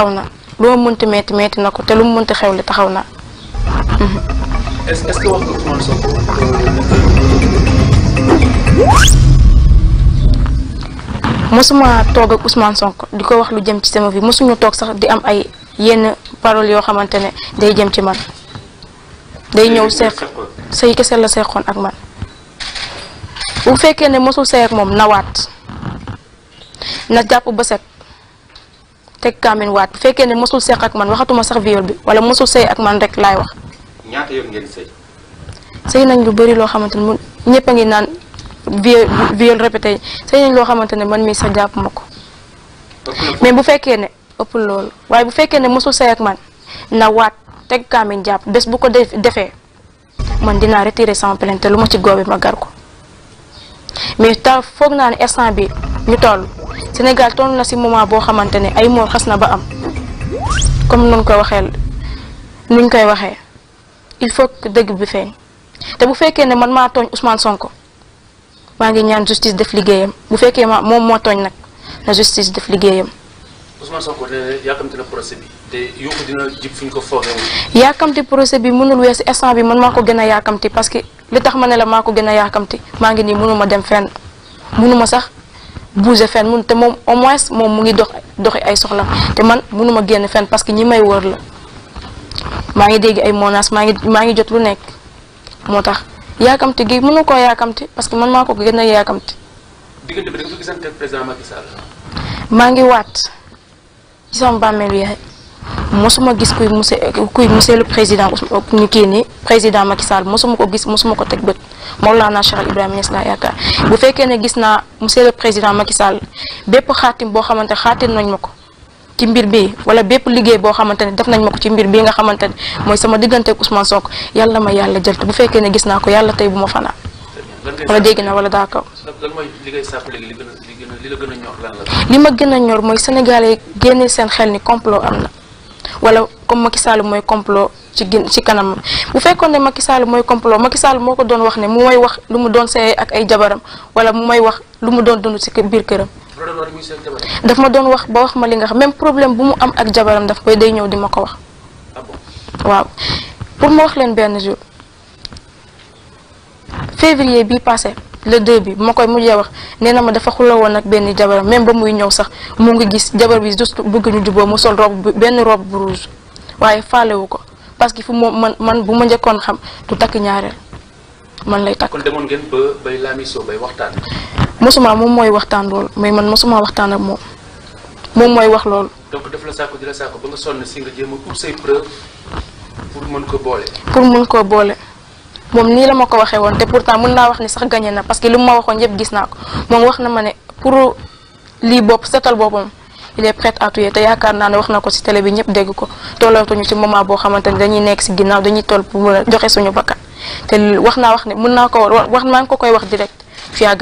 taxaw na lu ma mënti na ko te lu mu mënti xewle taxaw na. est-ce mosuma toog ak Ousmane sonk di ko wax lu jëm ci sema vie mosuñu toog sax di am ay yenn paroles yoo xamante ne day jëm ci man. day ñëw seq say kese la seqoon ak man bu fekkee ne mosul sey ak moom nawaat na jàpp ba set teg kaamin waat bu fekkee ne mosul seq ak man waxatuma sax viol bi wala mosul sëy ak man rek laay wax. ñaata nañ lu bëri loo xamante ne mu ñëpp a ngi naan viol viol répété sëy nañ loo xamante ne man mii sax jàpp ma ko. mais bu fekkee ne ëpp loolu waaye bu fekkee ne mosul sëy ak man na waat teg kaamin jàpp bés bu ko defee man dinaa retirer sama plainte te lu ma ci góobee ma gar ko mais ta foog naa ne instant bi ñu toll. Sénégal ton na si moment boo xamante ne ay moor xas na ba am comme nuñ koy waxee nuñ koy waxee il faut que dëgg bi feeñ te bu fekkee ne man maa tooñ Ousmane Sonko maa ngi ñaan justice def liggéeyam bu fekkee ma moom moo tooñ nag na justice def liggéeyam. Ousmane Sonko nee na yàkkamti procès bi te yokku dina jib fu bi mënul instant bi man maa ko gën a yàkkamti parce que li tax ma ne la maa ko gën a yàkkamti maa ngi nii mënuma dem fenn mënuma sax. bouger fen mun te moom au moins moom mu ngi dox doxi ay soxla te man munuma génn fen parce que ñi may wër la maa ngi dégg ay menaces maa ngi maa ngi jot lu nekk moo tax yaakamti gi mënu koo yaakamti parce que man maa ko génn a yaakamti. maa ngi waat ci sama bàmmeelu yaay. mosuma gis kuy monsieur kuy monsieur le président ñu kii ni président Macky Sall mosuma ko gis mosuma ko teg bët moom Mawlana Cheikh a Niass laa yaakaar bu fekkee ne gis naa monsieur le président Macky Sall bépp xaatim boo xamante xaatim nañ ma ko ci mbir bi wala bépp liggéey boo xamante ne def nañ ma ko ci mbir bii nga xamante ne mooy sama diggante ak Ousmane Sonko yàlla ma yàlla jël te bu fekkee ne gis naa ko yàlla tey bu ma fanaan wala dégg na wala daa kaw. li ma gën a ñor mooy Sénégalais génne seen xel ni complot am na. wala comme Macky Sall mooy complot ci gin ci kanam bu fekkoon ne Macky Sall mooy complot Macky Sall moo ko doon wax ne mu may wax lu mu doon seey ak ay jabaram wala mu may wax lu mu doon dund ci biir këram. daf ma doon wax ba wax ma li nga xam même problème bu mu am ak jabaram daf koy day ñëw di ma ko wax. Ah waaw pour ma wax leen benn jour février bii passé. le deux bi ma koy mujjee wax nee na ma dafa xula woon ak benn jabaram même ba muy ñëw sax mu ngi gis jabar bi juste bëgg ñu juboo mu sol robe benn robe bu rouge waaye faalewu ko parce que fu mu man man bu ma njëkkoon xam du takk ñaareel man lay takk. kon demoon ngeen ba mosuma moom mooy waxtaan loolu mais man mosuma waxtaan ak moom moom mooy wax loolu. donc daf la saako pour say preuve ko boole. boole. moom nii la ma ko waxee woon te pourtant mën naa wax ne sax gagné na parce que lu ma waxoon yëpp gis naa ko moom wax na ma ne pour lii bopp setal boppam il est prêt à te yaakaar naa ne wax na ko ci télé bi ñëpp dégg ko tollootuñu ci moment boo xamante ne dañuy nekk ci ginnaaw dañuy toll pour mën a joxe suñu bakkan te wax naa wax ne mën naa ko wax maa ngi ko koy wax direct fii à